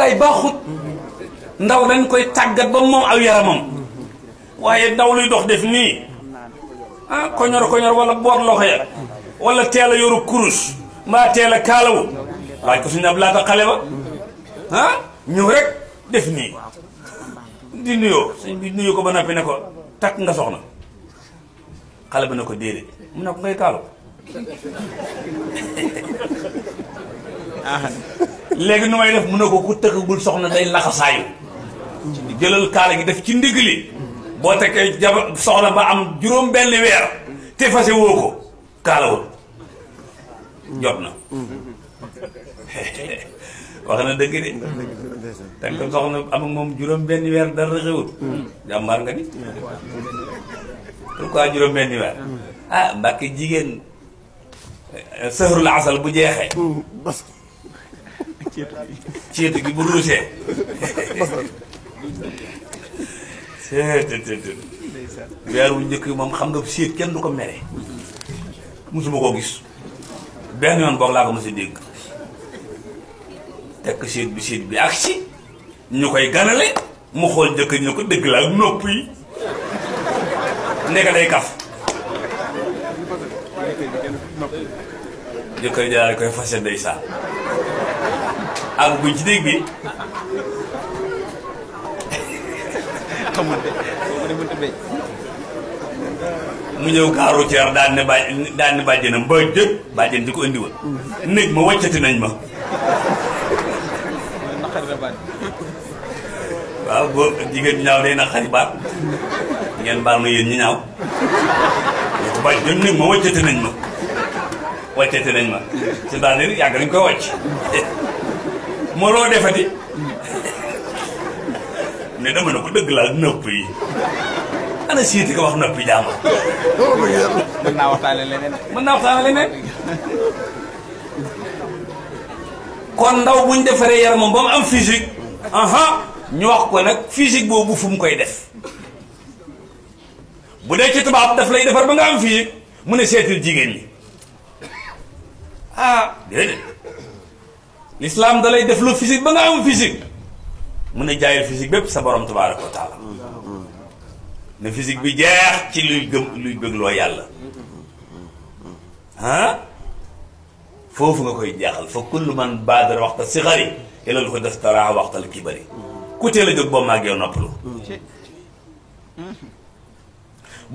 ay baaxut ndaw dañ koy tàggat ba moom aw yaramam waaye ndaw luy dox def nii ah koñor koñor wala boor loxo ya wala teel a yoru kurus mbaa teel a kaalawu laaj ko suñu ab laata xale ba ah rek def nii di nuyoo suñ bi nuyu ko ba noppi ne ko takk nga soxna xale ba ne ko déedéet mu ne ko ngay kaalaw ah. léegi nu may def mu ne ko ku tëkkagul soxna day laxasaayu jëlal kaala gi def ci ndigg li boo tekkee jaba soxna ba am juróom benn weer te fase woo ko kaalawul jot na wax na dëgg de teg ko soxna am ak moom juróom benn weer dara xewul jàmbaar nga ni pourquoi juróom benn weer ah mbàkki jigéen sëhrul asal bu jeexee mm, ceetu gi bu ruusee. weeru njëkk yi moom xam nga séet kenn du ko mere musuma koo gis benn yoon boog laa ko mos a dégg tekk séet bi séet bi ak si ñu koy ganale mu xool njëkk ñu ko dëgg la nopp yi nekk day kaf jëkkër jaar koy fase ndeysaan ak bu ci dégg mu ñëw gaaru ceer daan ne bàjj daan ne bàjjenam ba jëkk bàjjen di ko indi woon néeg ma waccati nañ ma waaw boo jigéen ñaaw day na xari baat ngeen baal ma yéen ñi ñaaw ko bàjjen néeg ma waccati nañ ma waccati nañ ma si daal yàgg nañ koy wàcc moo loo defati ne dama ne ko dëgg laa nopp yi ana siiti ko wax noppi jaama. mën naa waxtaane mën naa waxtaane leneen. kon ndaw buñ defaree yaramam ba mu am physique. aha ñu wax ko nag physique boobu fu mu koy def bu dee ci tubaab daf lay defar ba nga am physique mu ne seetil jigéen ñi ah l'islam da lay def lu physique ba nga am physique mun a jaayal physique bépp sa borom tabaaraka wa taala ne physique bi jeex ci luy gëm luy bëggloo yàlla ah foofu nga koy jeexal foo kullu man baadara waxta sixari ilal huda staraa waxtal kibari ku teel a boo màggee yow noppalu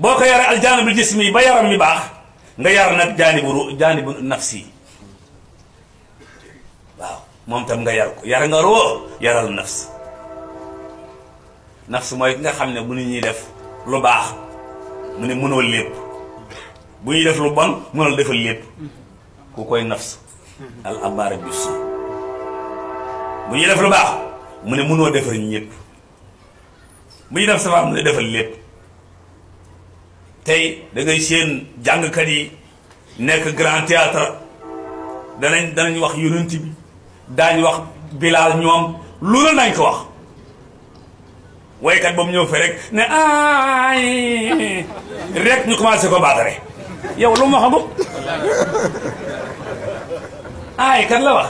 boo ko yara al jismi ba yaram mi baax nga yar nag jaanibu ru nafsi moom tam nga yar ko yar nga roo yaral nafs nafs mooy ki nga xam ne bu nit ñuy def lu baax mu ne mënoo lépp bu ñuy def lu bon mënoo defal lépp ku koy nafs al amaara bisu bu ñuy def lu baax mu ne mënoo defal ñëpp bu ñuy def safaan mu ne tey da ngay seen jàngkat yi nekk grand théâtre danañ danañ wax yonent bi daañ wax bilaal ñoom lu la nañ ko wax waykat boobu ñëw fe rek ne ay rek ñu commencé ko baatare yow lu ma xamul aay kan la wax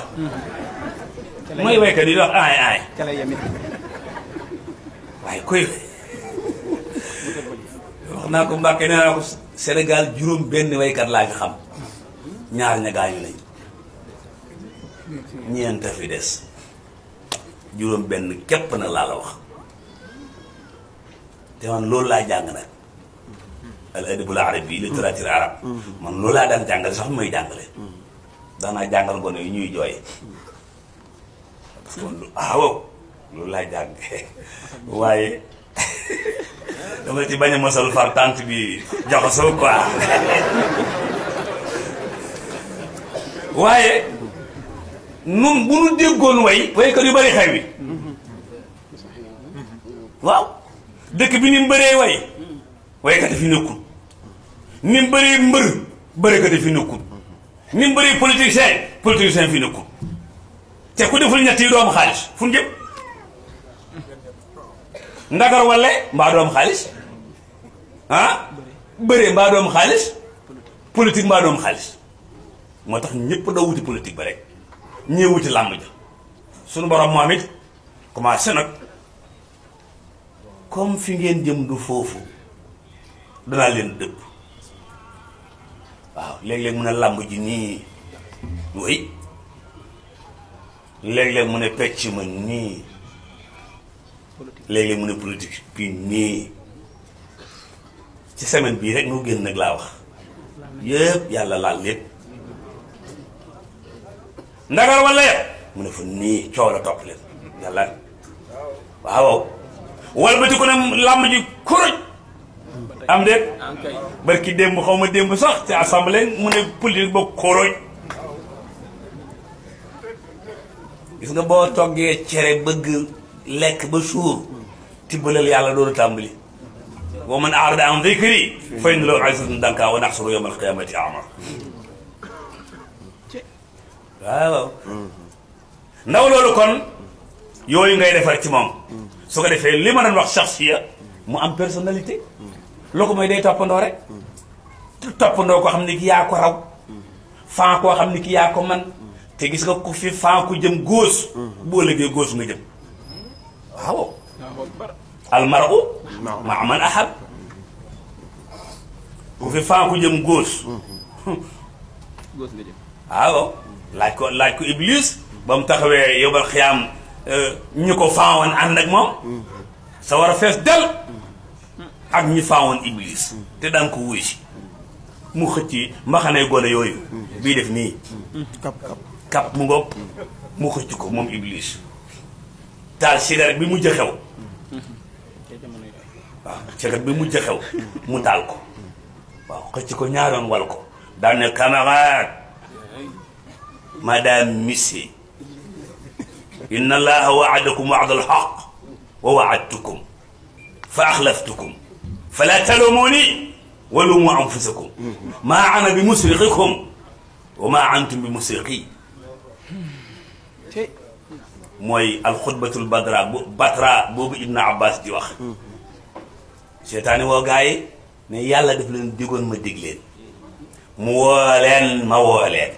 mooy waykat yi di wax aay aay waaye koy wax naa ko Mbàkke nee naa ko Sénégal juróom benn waykat laa fi xam ñaar ña gaañu lañ ñeent a fi des juróom benn képp na laa wax te man loolu laa jàng nag al adabul arabi littérature arab man loolu laa daan jàngale sax may jàngale daanaa jàngal gone yi ñuy jooy parce que man ah, loolu laa jàng waaye dama ci bañ a mosal far tànt bi jaxasoo quoi waaye nun bu nu déggoon way waykat yu bëri xew waaw dëkk bi ni mu bëree way waykat yi fi nekkul ni mu bëree mbër bërekat yi fi nekkul ni mu bëree politicien politicien fi nekkul te ku deful ñett doomu xaalis fu ñu jëm ndagar mbaa doomu xaalis ah bëree mbaa doomu xaalis politique mbaa doomu xaalis moo tax ñëpp doo wuti politique ba ñëwuti làmb ja suñu borom moom it commencé nag comme fi ngeen jëm du foofu danaa leen dëpp waaw léeg-léeg mu ne làmb ji nii wéy léeg-léeg mu ne pecc ma nii léeg-léeg mu ne politique bi nii ci semaine bii rek nu génn nag laa wax yëpp yàlla laal lépp ndagal wala yàq mu ne fa nii coow la topp leen yàlla waaw wal ba ti ko ne làmb ji kuruj am déet barki démb xaw ma démb sax ci assemblée mu ne politique ba kuruj gis nga boo toggee cere bëgg lekk ba suur tibbalal yàlla dooru tàmbali wa man aarada an dikri fa inna lahu azizun danka wa naxsuru yawma alqiyamati ama waaw ndaw loolu kon yooyu ngay defar ci moom su ko defee li ma doon wax shaxsiya mu am personnalité loo ko mooy day toppandoo rek toppandoo koo xam ne ki yaa ko raw fan koo xam ne ki yaa ko man te gis nga ko fi fan ku jëm góos boo lëggee góos nga jëm waaw almaru maa man ahab ku fi fan ku jëm góos waaw laaj ko laaj ko iblis ba mu taxawee yóbbal xiyaam euh, ñu ko faawoon ànd ak moom sa war a fees del ak ñi faawoon iblis te daan ko wuy si mu xëcc mbaxanay gone yooyu bii def nii kap kap mu ngoog mu xëcc ko moom iblis taal sigaret bi mu jëxew waaw bi mu jëxew mu taal ko waaw xëcc ko ñaaroon wal ko daan ne camarade Madame Missy إن الله وعدكم وعد الحق ووعدتكم فأخلفتكم فلا تلوموني ولوموا أنفسكم ما أنا بمسرقكم وما أنتم بمسرقي mooy alxutbatul badra bu batra boobu ibnu abbas di wax seetaani woo gaa yi ne yàlla daf leen digoon ma dig leen mu woo leen ma woo leen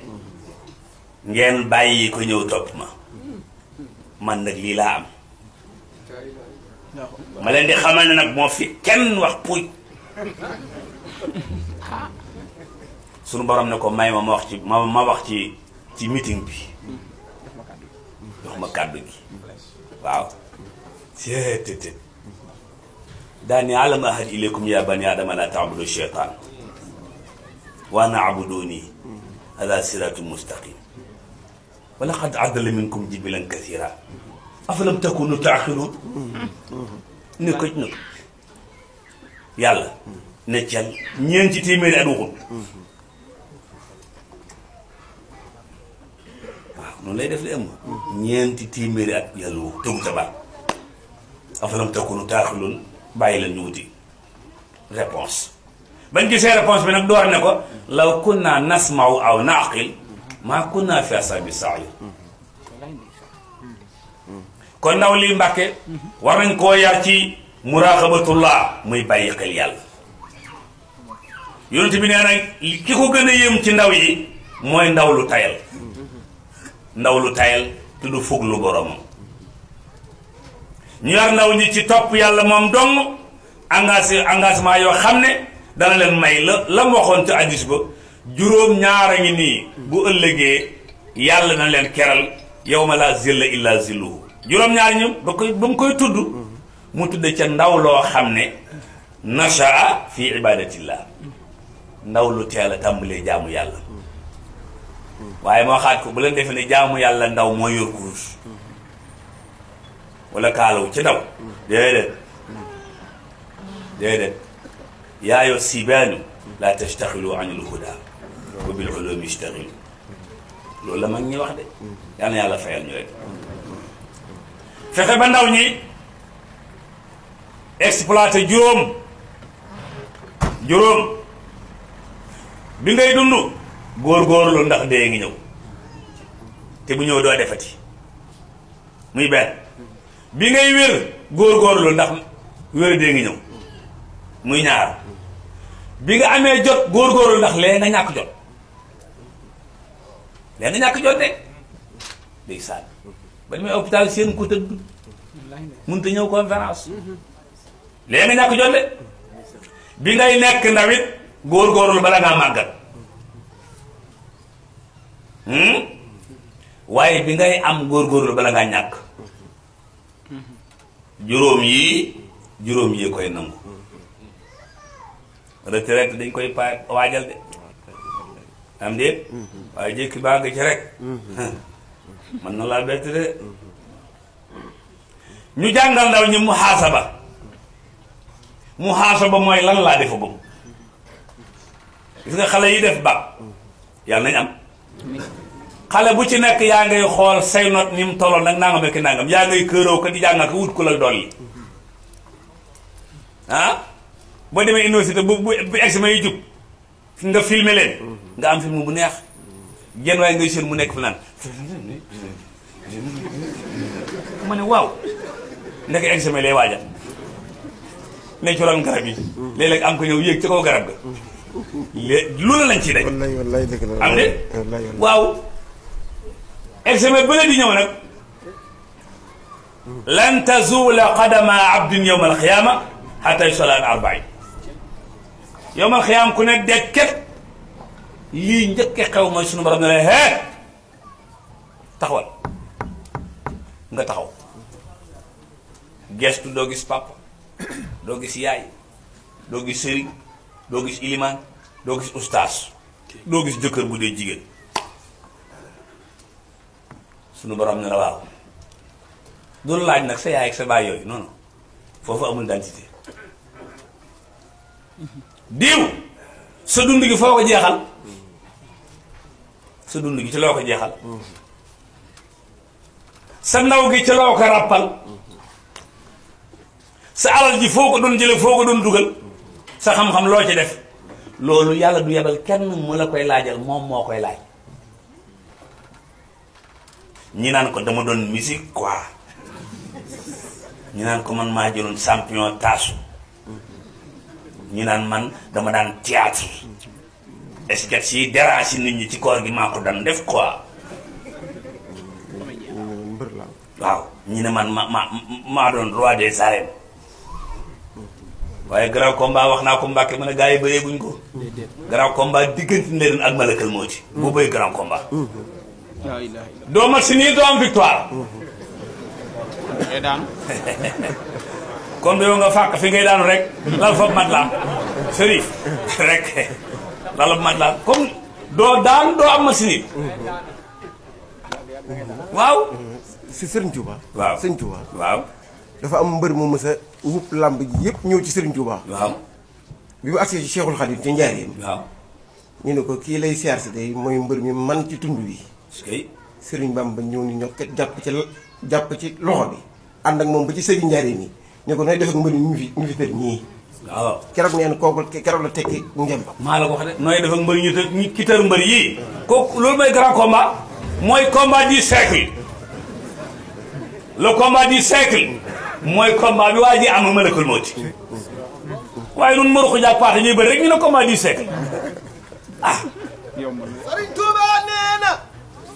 ngeen bàyyi ko ñëw topp ma man nag lii laa am ma leen di xamal ne nag moo fi kenn wax puuj sunu borom ne ko may ma ma wax ci ma ma wax ci ci meeting bi jox ma kàddu gi waaw seetet daani alam ahad ilaykum ya bani adama la taabudu cheytaan wa ana ala hada siratu mustaqim ولقد عدل منكم جبلا كثيرا افلم تكونوا تعقلون نكج نك يلا نتيال نينتي تيمير ادوغون آه، نون لاي ديف لي ام نينتي تيمير اد يالو تو تبا افلم تكونوا تعقلون باي لا نودي ريبونس بان جي سي ريبونس بي نك دوار نكو لو كنا نسمع او نعقل maa kunna fi asabi sa'ir kon ndaw liy mbàkke war nañ koo yar ci muraqabatullah muy bàyyi xel yàlla yonent bi nee na ki ko gën a yëm ci ndaw yi mooy ndaw lu tayal ndaw lu tayel te du fug lu boromam ñu yar ndaw ñi ci topp yàlla moom dong engagé engagement yoo xam ne dana leen may la la mu waxoon ci addis ba juróom ñaara ngi nii bu ëllëgee yàlla na leen keral yow ma laa zilla illa zilluhu juróom ñaar ñoom ba koy ba mu koy tudd mu tudd ca ndaw loo xam ne nashaa fi ibadatillah ndaw lu teel a tàmbalee jaamu yàlla waaye moo xaat ko bu leen defee ne jaamu yàlla ndaw moo yor kurus wala kaalaw ci ndaw déedéet déedéet yaa yor sibaanu laa tastaxilu an al huda wa bil ulumi ishtagil loolu la mag ñi wax de yal na yàlla fayal ñu rek fexe ba ndaw ñi exploité juróom juróom bi ngay dund góor-góorlu ndax dee ngi ñëw te bu ñëw doo defati muy benn bi ngay wér góor-góorlu ndax wér dee ngi ñëw muy ñaar bi nga amee jot góor-góorlu ndax lee nga ñàkk jot léegi ñàkk jot de day saan ba ñu may hôpital seen ko tëdd mënut a ñëw conférence léegi nga ñàkk jot de bi ngay nekk ndawit góor-góorlu bala ngaa màggat hmm? waaye bi ngay am góor-góorlu bala ngaa ñàkk juróom yi juróom yi koy nangu retraite dañ koy pa de am déet waaye jékki baa nga ci rek mën na laa bett de ñu jàngal ndaw ñi muhaasaba muhaasaba mooy lan laa defa ko gis nga xale yi def ba yàlla nañ am xale bu ci nekk yaa ngay xool say not ni mu tolloon nag nangam ak nangam yaa ngay këraw ko di jàng ko wut ku la dolli ah boo demee université bu bu examen yi jub nga filmé leen nga am film bu neex genn waaye ngay seen mu nekk fa naan ma ne waaw nekk examen lay waajal ne ci ron garab yi léeg-léeg am ko ñëw yéeg ci kaw garab ga lu la lañ ciy daj am de waaw examen bële di ñëw nag lan tazula qadama abdin yowma alqiyama xata yusalaa an يوم الخيام كنا دكت لي نجك خاو ما شنو برنا ها تخول نغا تخاو جيستو دو غيس باب دو غيس ياي دو غيس سيري دو غيس إليمان دو غيس أستاذ دو غيس دكر بودي جيجن سنو برام نرا واو دول لاج نك سا ياي سا با يوي نو نو فوفو امول دانتيتي diw sa dund gi foo ko jeexal sa dund gi ci loo ko jeexal sa ndaw gi ci loo ko ràppal sa alal ji foo ko doon jële foo ko doon dugal sa xam-xam loo ci def loolu yàlla du yebal kenn mu la koy laajal moom moo koy laaj ñi naan ko dama doon musique quoi ñi naan ko man maa jëloon champion taasu ñu naan man dama daan théâtre sketch yi déranger nit ñi ci koor gi maa ko daan def quoi waaw ñu ne man ma ma maa doon roi des arènes waaye grand combat wax naa ko Mbàkke ma ne gars yi bëree guñ ko grand combat diggante Ndeye ak Malakal moo ci bu bëy grand combat doo si nii doo victoire eh, kon do nga fak fi ngay daanu rek lal fa mat serif sërif rek lal mat laa comme doo daan do am machine waaw ci serigne Touba wow serigne Touba waaw dafa am mbeur mo meusa wup lamb yep ñew ci serigne Touba waaw bi mu accé ci Cheikhul Khadim ci yi waaw ñu ne ko ki lay siyaar si day mooy mbër mi man ci tund wi serigne Bamba ñew ni ñokket japp ci japp ci loxo bi and ak mom ba ci serigne njaareem yi ne ko nooy def ak mbëri mi fi mi fi tëj ñii. waaw keroog nee na kooku keroog la tekki ngem. maa la ko wax de nooy def ak mbëri ñu te ki tër mbëri yii. kooku loolu mooy grand combat. mooy combat du siècle. le combat du siècle. mooy combat bi waa ji am malakul mawti waaye nun maruxu jaak paata ñuy bëri rek ñu ne combat du siècle ah sëriñ Tuuba nee na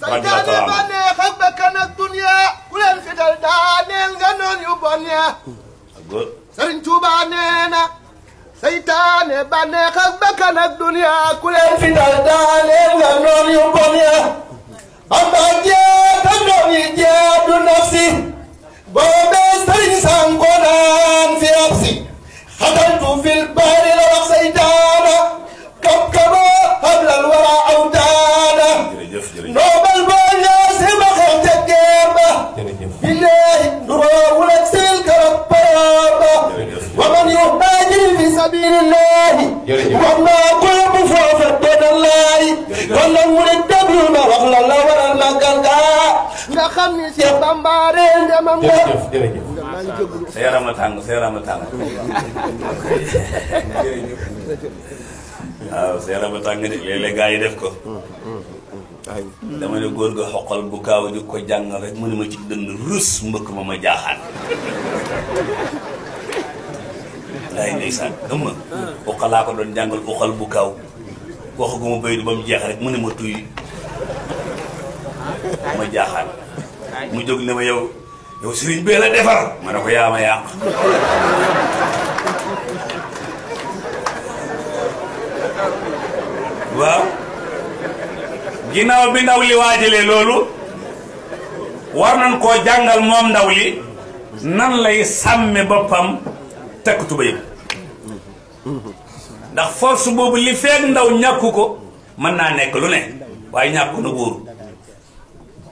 santaane ba neex ak bakkan ak dunya ku leen fi dal daaneel nga noon yu bon ya sëriñ Tuubaa nee na seytaane bànneex ak bakkan ak duniyaa ku leen fi dal daa leen nga noon dama ne góor ga xoqal bu kaaw di ko jàngal rek mu ne ma ci dënn rus mbëkk ma ma jaaxaan laay ndeysaan xam nga uqal doon jàngal uqal bu kaaw waxaguma bay du ba mu jeex rek mu ne ma tuy ma jaaxaan mu jóg ne ma yow yow sëriñ bee la defar ma ne ko yaa ma yàq ginnaaw bi ndaw li waajalee loolu war nañ koo jàngal moom ndaw li nan lay sàmme boppam takk tubéyam ndax force boobu li feeg ndaw ñàkku ko mën naa nekk lu ne waaye ñàkku na wóoru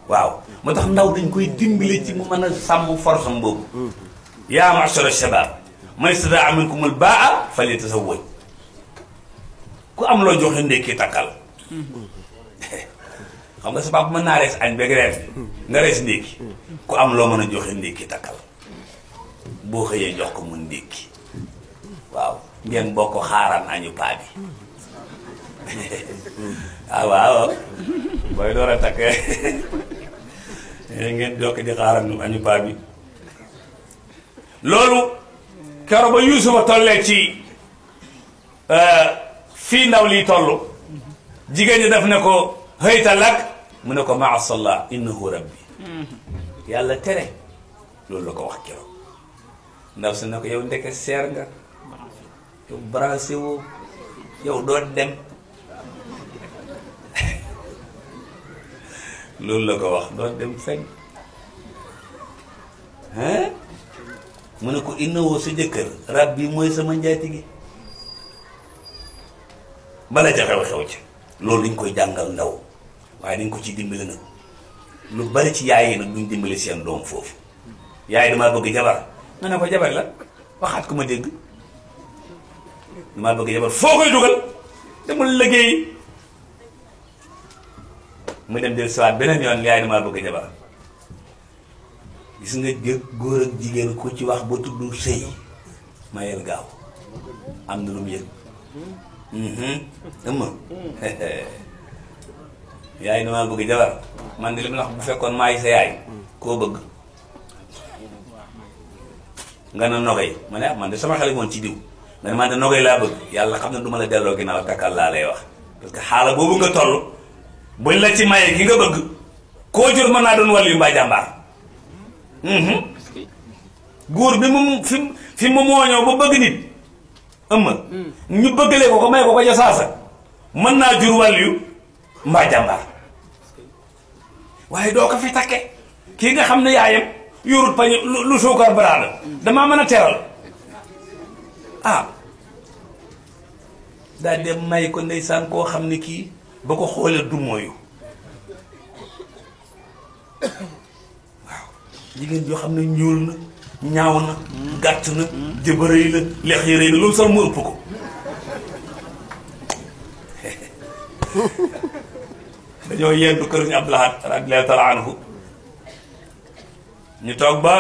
waaw moo tax ndaw dañ koy dimbali ci mu mën a sàmm force am boobu yaa ma'shara baax man istataa minkumul baa'a falyatazawwaj ku am loo joxe ndékki takkal mm-hmm. xam nga sa papa mën naa rees añ beeg reer nga rees ndékki ku am loo mën a joxe ndékki takal boo xëyee jox ko mu ndékki waaw ngeen bokk xaaran añu paa bi ah waaw booy door a takk ngeen jokk di xaaran añu paa bi loolu kero ba yusufa tollee ci euh, fii ndaw lii toll jigéen ñi def ne ko hëyta lak منكو ما عصى الله إنه ربي يلا ترى لولو كو وخكرو نفس نكو يو ندك سيرغا يو براسيو يو دون دم لولو كو وخ دون دم فن ها منكو إنه سجكر ربي مويسا من جاتيكي بلا جاكا وخوش لولو نكو يدنغل نوو waaye dañ ko ci dimbale nag lu bari ci yaay yi nag duñ dimbale seen doom foofu yaay damaa bëgg jabar nga ne ko jabar la waxaat ko ma dégg damaa bëgg jabar foo koy dugal demul liggéey mu dem del sawaat beneen yoon yaay damaa bëgg jabar gis nga jëkk góor ak jigéen ku ci wax ba tudd sëy mayel gaaw am na lu mu yëg mm-hmm. yaay damaa bëgg jabar man de li ma wax bu fekkoon maay sa yaay koo bëgg nga ne nogay ma ne ah, man de sama xel moon ci diw nga ne man de nogay laa bëgg yàlla xam ne du ma la delloo ginnaaw takkal laa lay wax parce que boobu nga toll buñ la ci maye gi nga bëgg koo jur mën naa doon wàll yu mbaa jàmbaar mhm. góor bi mu fi fi mu mooñoo ba bëgg nit ëmma mm. ñu bëggalee ko ko may ko ko ja mën naa jur wàll yu mbaa jàmbaar waaye doo ko fi takke kii nga xam ne yaayam yorut pañe lu suukar baraada damaa mën a teral ah daa dem may ko ndeysaan koo xam ne kii ba ko xoolee du mooyu waaw jigéen yoo xam ne ñuul na ñaaw na gàtt na jëbërëy na lex yi rëy loolu sax mu ëpp ko dañoo yendu kër ñu Abdou Lahad radiyallahu taala anhu ñu toog ba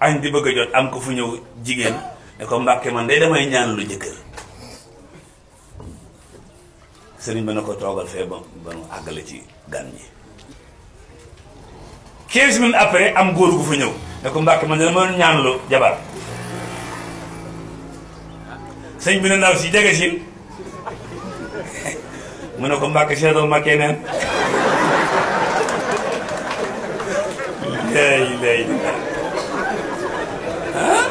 añ di bëgg a jot am ko fu ñëw jigéen ne ko Mbàkke man day damay ñaan lu jëkkër sëriñ ba na ko toogal fee ba ba àggale ci gan ñi 15 minutes après am góor gu fa ñëw ne ko Mbàkke man de dama ñaan lu jabar sëñ bi ne ndaw si jege si mu ne ko mbàkke seetal ma keneen lay lay ah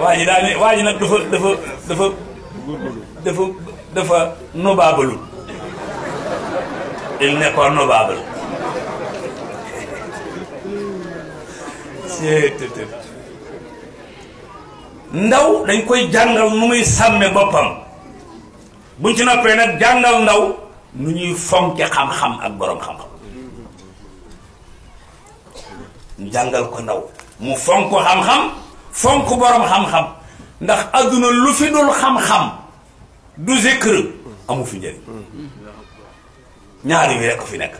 waa ji daal dafa dafa dafa dafa dafa nobaabalu il n'est pas nobaabal ndaw dañ koy jàngal nu muy sàmme boppam buñ ci noppee nag jàngal ndaw nu ñuy fonke xam-xam ak boroom xam-xam jàngal ko ndaw mu fonk xam-xam fonk borom xam-xam ndax adduna lu fi dul xam-xam du zikr amu fi njëriñ ñaari wi rekk fi nekk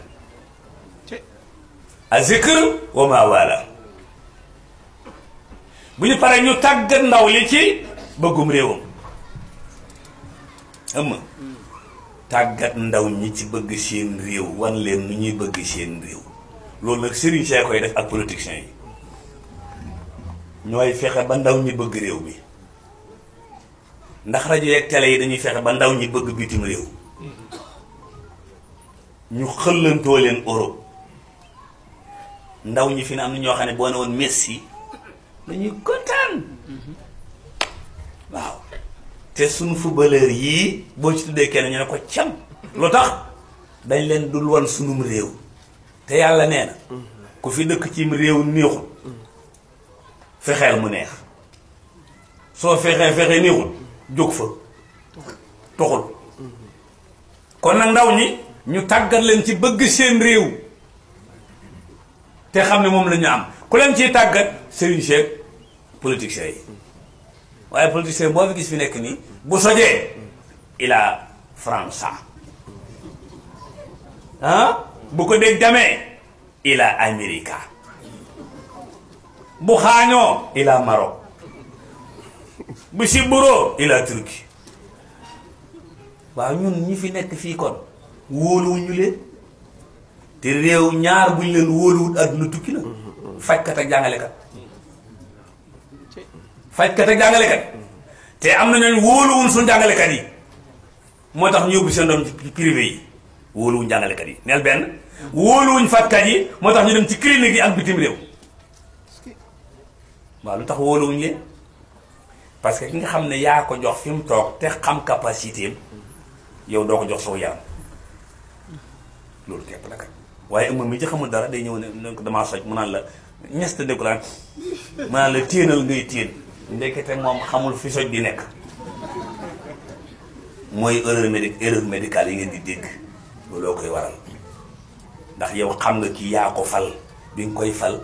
a zikr wa maa waala bu ñu paree ñu tàggat ndaw li ci bëggum réew xam nga tàggat ndaw ñi ci bëgg seen réew wan leen nu ñuy bëgg seen réew loolu nag sëriñ see koy def ak politiciens yi ñooy fexe ba ndaw ñi bëgg réew mi ndax rajo yeeg yi dañuy fexe ba ndaw ñi bëgg bitim réew ñu xëllantoo leen Europe ndaw ñi fi ne am na ñoo xam ne boo ne woon Messi dañuy kontaan mm-hmm. waaw te suñu footballeur yii boo ci tuddee kenn ñu ne ko cam lu tax dañ leen dul wan sunum réew te yàlla nee na ku fi dëkk cim réew néexul fexeel mu neex soo fexee fexe néexul jóg fa toxul kon nag ndaw ñi ñu tàggat leen ci bëgg seen réew te xam ne moom lañu am ku leen ciy tàggat sëriñ seeg politiciens yi waaye politicien boo fi gis fi nekk nii bu sojee il a ah bu ko dégg jamee il a Amérique bu xaañoo il a Maroc bu sibburoo il a waaw ñun ñi fi nekk fii kon wóoluwuñu leen te réew ñaar buñ leen wóoluwut àdduna tukki la fajkat ak jàngalekat fajkat ak jàngalekat te am na ñooñu wóoluwuñ suñu jàngalekat yi moo tax ñu yóbbu seen doom ci privé yi wóoluwuñ jàngalekat yi neel benn wóoluwuñ fajkat yi moo tax ñu dem ci clinique yi ak bitim réew waaw lu tax wóoluwuñ leen parce que ki nga xam ne yaa ko jox fi mu toog te xam capacité yow doo ko jox soo yaram loolu képp la kat waaye ëmb mi ci xamul dara day ñëw ne damaa soj mu naan la ñeste dëkku laan mu naan la téenal ngay téen ndekete moom xamul fi soj di nekk mooy erreur médi erreur médicale yi ngeen di dégg looloo koy waral ndax yow xam nga kii yaa ko fal bi nga koy fal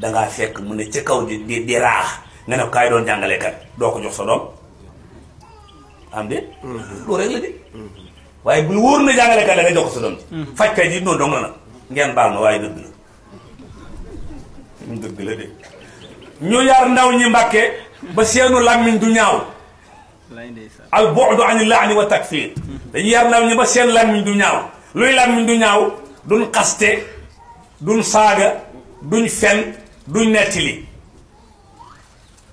danga fekk mu ne ca kaw di di di raax nga ne ko kaay doon jàngalekat doo ko jox sa doom am de mhm. loolu rek la de waaye bu ñu wóor na jàngalekat la jox ko sa doom ji mhm. fajkat ji noonu dong la nag ngeen baal ma waaye dëgg la dëgg la de ñu yar ndaw ñi mbàkke ba seenu làmmiñ du ñaaw al bu'du ani laani wa takfir dañu yar ndaw ñi ba seen làmmiñ du ñaaw luy làmmiñ du ñaaw duñ xaste duñ saaga duñ fen duñ nettili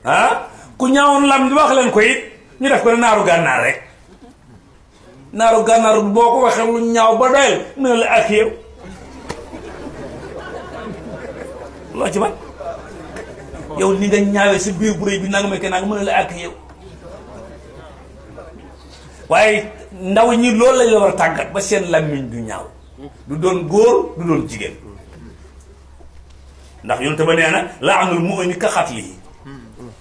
ah ku ñaawoon làmmiñ du wax leen ko ñu def ko naaru gànnaar rek naaru gànnaar boo ko waxee lu ñaaw ba doyal mu ne la ak loo ci man yow ni nga ñaawee si biir bu bi nanga ma ke naanga mën a la àkk yow waaye ndaw ñi loolu lañ la war tàggat ba seen làmmiñ du ñaaw du doon góor du doon jigéen ndax yoon te ba nee na laanul mu'mini ka qatlihi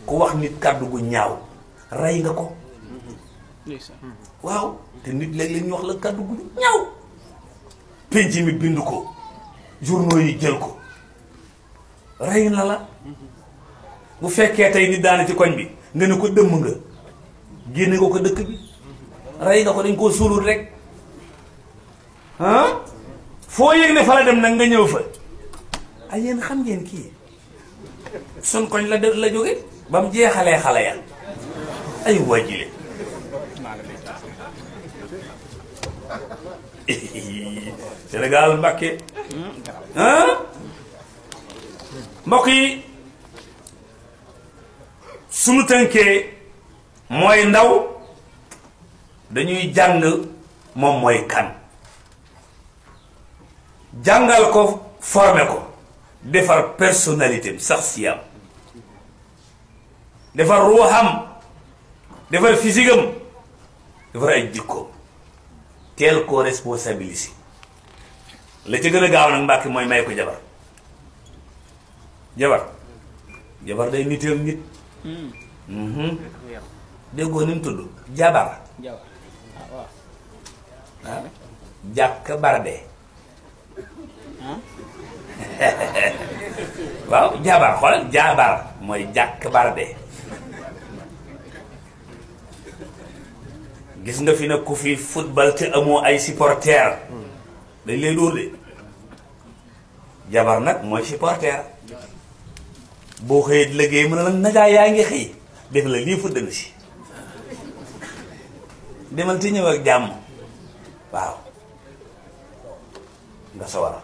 ku wax nit kàddu gu ñaaw rey nga ko waaw te nit léeg-léeg wax la kàddu gu ñaaw penc mi bind ko journaux yi jël ko rey na la bu fekkee tey nit daana ci koñ bi nga ne ko dëmm nga génne nga ko dëkk bi rey nga ko dañ koo suulul rek ah foo yëg ne fa la dem nag nga ñëw fa ay ah, yéen xam ngeen kii sun koñ la la jóge ba mu jeexalee xale ya ay wajile Sénégal Mbàkke ah mbokk suñu tënkee mooy ndaw dañuy jàng moom mooy kan jàngal ko former ko defar personnalité sax siyam defar ruuxam defar physique am defar ay jikkoom teel koo responsabilisé la ca gën a gaaw nag mbàkki mooy may ko jabar jabar jabar day nitam nit Mm-hmm. Mm-hmm. déggoo ni tudd jabar ah, ah. barde waaw jabar xoolal jabar mooy jàkk barde gis nga fi nag ku fi football te amoo ay supporter mm. dañ lay dóor de jabar nag mooy supporter boo xëyee di liggéey mu ne la najaa yaa ngi xëy def la lii fudd na si demal te ñëw ak jàmm waaw nga sawara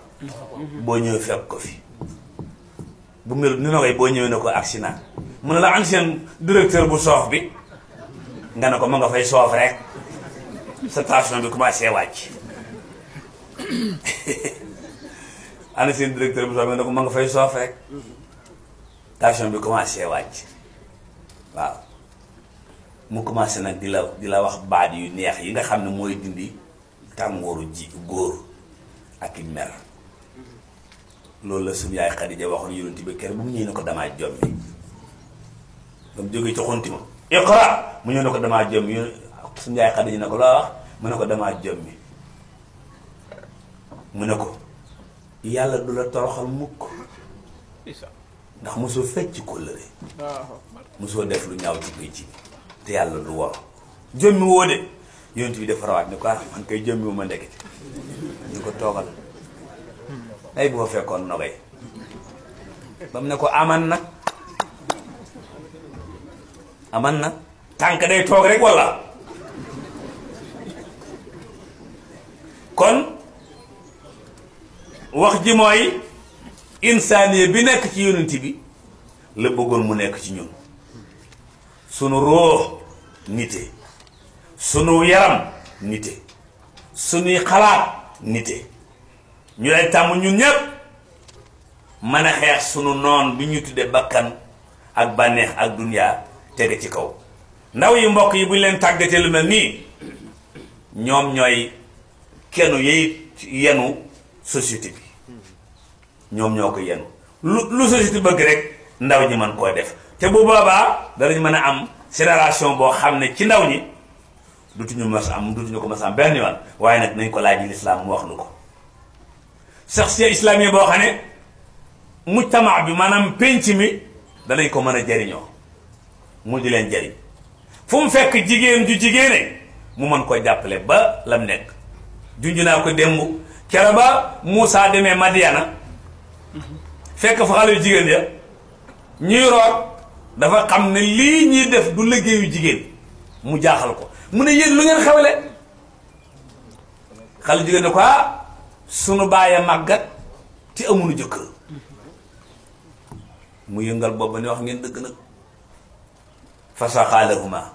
boo ñëwee fekk ko fi bu mel ni na koy boo ñëwee ne ko accident mu ne la ancien directeur bu soof bi nga ne ko ma nga fay soof rek sa tension bi commencé wàcc ancien directeur bu soof bi nga ne ko ma nga fay soof rek tension bi commencé wàcc waaw mu commencé nag di la di la wax baat yu neex yi nga xam ne mooy dindi tàngooru ji góor ak i mer loolu la suñu yaay Xadija waxoon yonent bi kër bu mu ñëw ne ko damaa jommi ba mu jógee ci xonti ma iqra mu ñëw ne ko damaa jommi yéen suñu yaay Xadija ne ko laa wax mu ne ko damaa jommi mu ne ko yàlla du la toroxal mukk ndax mosoo fecc kóllëre mosoo def lu ñaaw ci koy ci te yàlla lu war jëmmi woo de yonent bi dafa rawaat ne ko ah, ma ndekete ko toogal hmm. ay boo fekkoon nogay ba mu ko aman nag aman na tànk day toog rek walla kon wax ji insaaniye bi nekk ci yonent bi la bëggoon mu nekk ci ñun sunu roo nite sunu yaram nite sunuy xalaat nite ñu lay tàmm ñun ñépp mën a xeex sunu noon bi ñu tuddee bakkan ak bànneex ak duniyaa tege ci kaw ndaw yi mbokk yi bu ñu leen tàggatee lu mel nii ñoom ñooy kennu yey yenu société bi ñoom ñoo ko yenu lu lu société bëgg rek ndaw ñi mën koo def te bu boobaa danañ mën a am génération boo xam ne ci ndaw ñi dutuñu mas am dutuñu ko mas am benn yoon waaye nag nañ ko laaj yi lislaam mu wax nu ko saxsiya islaamiya boo xam ne mujtama bi maanaam pénc mi danañ ko mën a jariñoo mu di leen jariñ fu mu fekk jigéen ju jigéene mu mën ko jàppale ba lam nekk junj naa ko démb kere ba Moussa demee Madiana fekk fa xale yu jigéen ya ñuy root dafa xam ne lii ñuy def du liggéeyu jigéen mu jaaxal ko mu ne yéen lu ngeen xewle xale jigéen ne ko ah sunu bàyyee màggat ci amul jëkkër mu yëngal boobu ne wax ngeen dëgg nag fasaxaa lahuma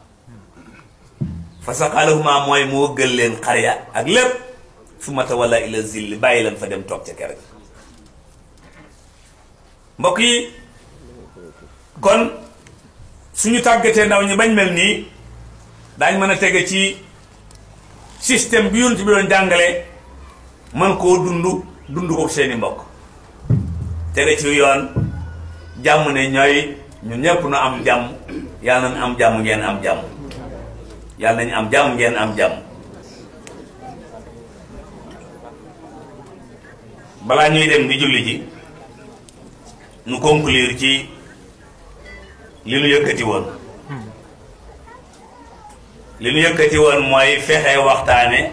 fasaxaa lahuma mooy mu wëggal leen xar ya ak lépp su mata wala ila zilli bàyyi leen fa dem toog ca kër mbokk yi kon suñu tàggatee ndaw ñi bañ mel nii daañ mën a tege ci système bi yonent bi doon jàngale mën koo dund dund ko seeni mbokk tege ci yoon jàmm ne ñooy ñun ñëpp nu am jàmm yàlla nañu am jàmm ngeen am jàmm yàlla nañu am jàmm ngeen am jàmm balaa ñuy dem di julli ji nu conclure ci li nu yëkkati woon li nu yëkkati woon mooy fexe waxtaane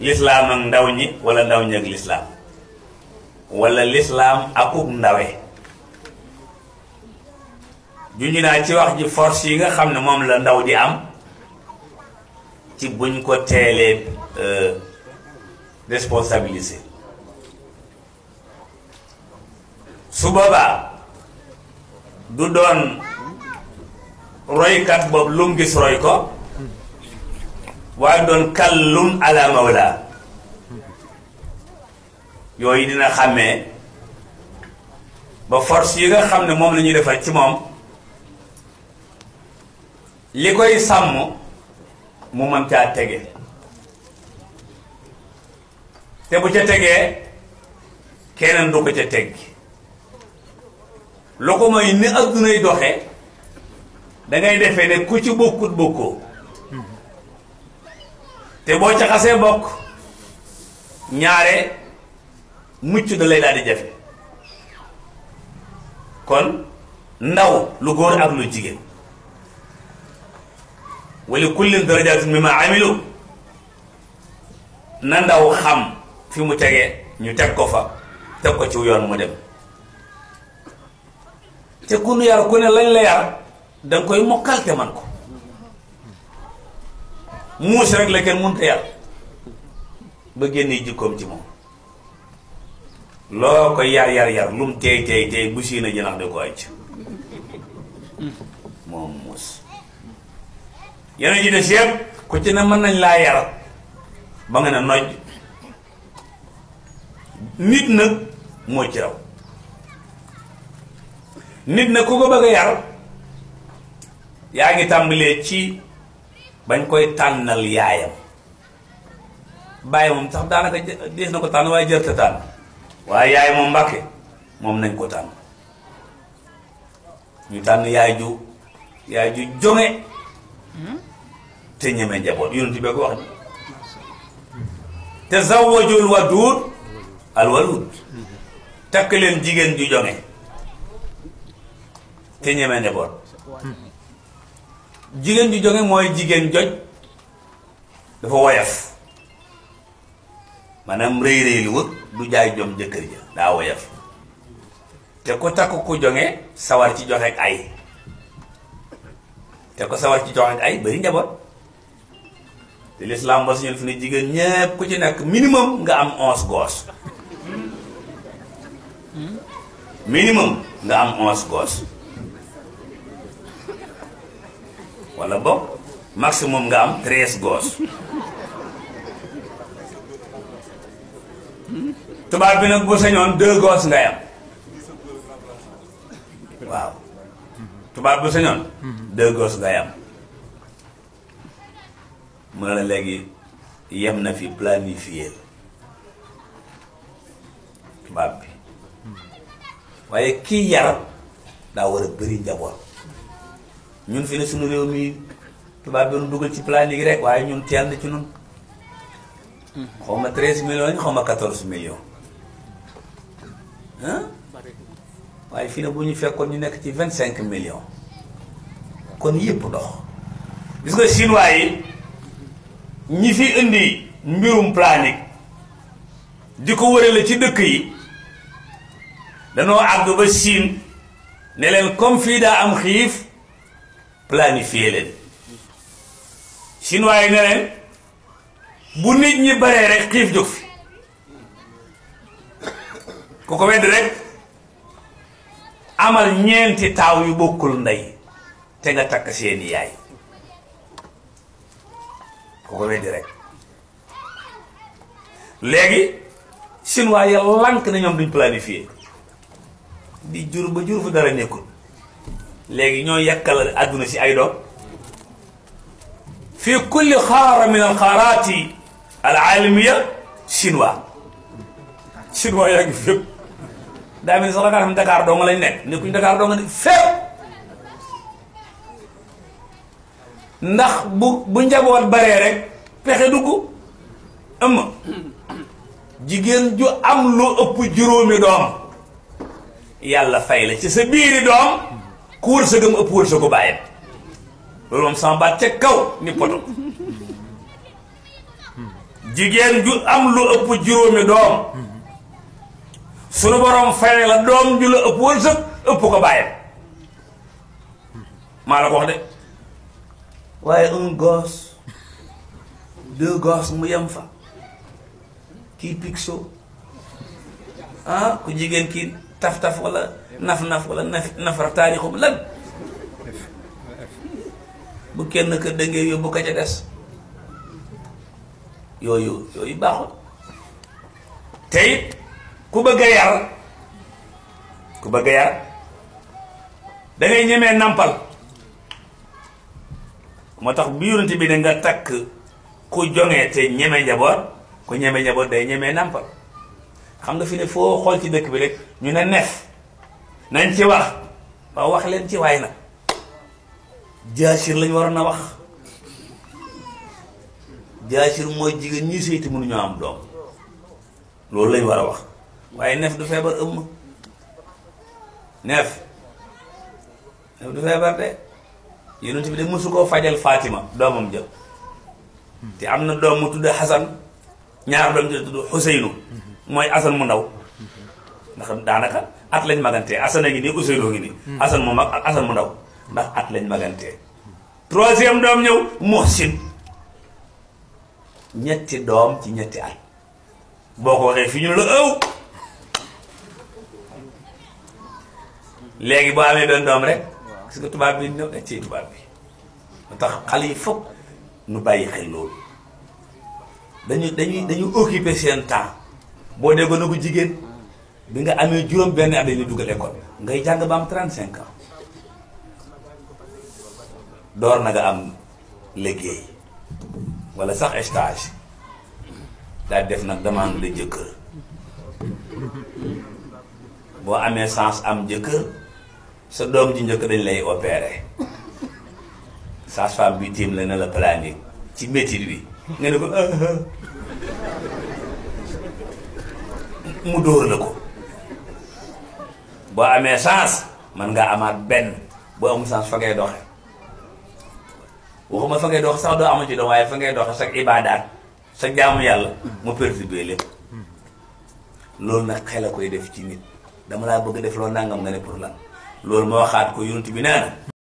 lislaam ak ndaw ñi wala ndaw ñi ak lislaam wala lislaam akuk ndawe juñu naa ci wax ji force yi nga xam ne moom la ndaw di am ci buñ ko teelee euh, responsabiliser su boobaa du doon roykat boobu lum gis roy ko waaye doon kallun ala mawla yooyu dina xàmmee ba force yi nga xam ne moom lañuy ñuy ci moom li koy sàmm mu mën caa tege te bu ca tegee keneen du ko ca teggi loo ko mooy ni addunay doxe dangay defe defee ne ku ci bokkut bokkoo te boo ca xasee bokk ñaare mucc da lay daal di jafe kon ndaw lu góor ak lu jigéen walla kullin darajatun mimma amilu na ndaw xam fi mu tegee ñu teg ko fa teg ko ci yoon mu dem te ku yar ku ne lañ la yar danga koy mokkal te man ko muus rek la kenn mënta yar ba génnee jikkoom ci moom loo ko yar yar yar lu tey tey tey bu siina jinax de ko acc moom muus yeneen ji des yëpp ku ci ne mën nañ laa yar ba nga ne noj nit nag moo ci raw nit na ku ko bëgg yar yaa ngi tàmbalee ci bañ koy tànnal yaayam bàyyi moom sax daanaka dees na ko tànn waaye jërta tànn waaye yaay moom mbàkke moom nañ ko tànn ñu tànn yaay ju yaay ju jonge te ñeme njaboot yonent bi ko wax te zawwajul wadud al walud takk leen jigéen ju jonge te ñemee njaboot jigéen ju jóge mooy jigéen joj dafa woyaf maanaam rëy rëy lu wëg du jaay jom jëkkër ja daa woyaf te ku takk ku jonge sawar ci joxe ak ay te ko sawar ci joxe ak ay bari njaboot te lislaam ba suñu fi ne jigéen ñépp ku ci nekk minimum nga am onze gos hmm? minimum nga am onze gos wala bok maximum nga am 13 gos tubaab bi nak bu señon deux gos nga am waaw tubaab bu señon deux gos nga am mala legi la yem na fi planifier tubaab bi waye ki yar da wara beuri bëri ñun fi ne suñu réew mi tubaab bi dugal ci planning rek waaye ñun teel na ci ñun. xaw ma treize millions xaw ma quatorze millions. waaye fii ne bu ñu fekkoon ñu nekk ci vingt cinq millions. kon yëpp dox. gis nga yi ñi fi indi mbirum planning di ko wërale ci dëkk yi danoo àgg ba Chine ne comme fii daa am xiif. planifier leen chinois yi ne bu nit ñi baree rek xiif jóg fi ku ko wedd rek amal ñeenti taaw yu bokkul ndey te nga takk seeni yaay ku ko weddi rek léegi chinois ya lank na ñoom duñ planifier di jur ba jur fu dara nekkul léegi ñoo yàkkal àdduna si ay doom fi kulli xaara min alxaaraati alaalamiya chinois chinois yaa ngi fépp daa mel ni sax da ngaa xam Dakar doo nga lañ nekk nekkuñ Dakar doo nga ne fépp ndax bu bu njaboot baree rek pexe dugg ëmm jigéen ju am lu ëpp juróomi doom yàlla fay la ci sa biiri doom ku wërsëgam ëpp wërsëgu bàyyam loolu moom sama baat kaw ni poto jigéen ju am lu ëpp juróomi doom sunu borom fay la doom ju la ëpp wërsëg ëpp ko bàyyam maa la ko wax de waaye un gosse deux gosses mu yem fa kii picso ah ku jigéen kii taf-taf wala naf-naf wala naf nafra taarixum lan bu kenn kër dëngee yóbbu ko ca des yooyu yooyu baaxul te it ku bëgg yar ku bëgg a yar da ngay ñemee nampal moo tax bu yonent bi ne nga takk ku joŋee te ñeme njaboot ku ñeme njaboot day ñemee nampal xam nga fi ne foo xool ci dëkk bi rek ñu ne nef nañ ci wax ba wax leen ci waay nag jaasir lañ waroon a wax jaasir mooy jigéen ñuy seyti mënuñoo am doom loolu lañ war a wax waaye neef du feebar ëmm neef neef du feebar de yonent bi de mësu koo fajal faatima doomam jël te am na doom mu tudd Xasan ñaar doom ji tudd Xuseynu mooy Asan mu ndaw ndax daanaka at lañ magantee Assane a ngi nii Ousseynou ngi nii. Hmm. Assane mu mag ak mu ndaw ndax at lañ magantee. troisième doom ñëw Mohsin ñetti doom ci ñetti at boo ko waxee fi ñu la ëw léegi boo amee benn doom rek gis nga tubaab bi ñëw eh, ci tubaab bi moo tax xale yi foog nu bàyyi xel loolu dañu dañuy dañu occuper seen temps boo déggoon na ko jigéen bi nga amee juróom benn at dañuy dugal école ngay jàng ba am 35 ans door na am liggéey walla sax stage daal def nag demande de jëkkër boo amee chance am jëkkër sa doom ji njëkk dañ lay opérer sage-femme bi tiim la ne la planning ci métier bi nga ne ko ah, ah. mu dóor la ko. boo amee chance man nga amaat benn boo am chance fa ngay doxe waxuma fa ngay doxe sax doo amu ci doom waaye fa ngay doxe sax ibaadaat sa jaamu yàlla mu perturbé lépp loolu nag xel a koy def ci nit dama laa bëgg def loo nangam nga ne pour la loolu ma waxaat ko yonent bi nee